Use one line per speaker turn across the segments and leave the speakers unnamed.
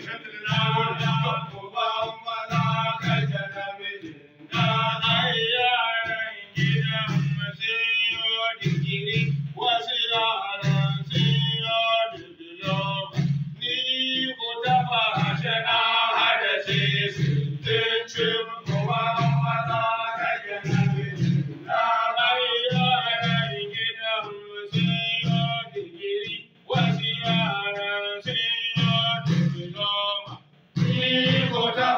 我长大后，我当兵，我当兵，water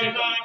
Thank you.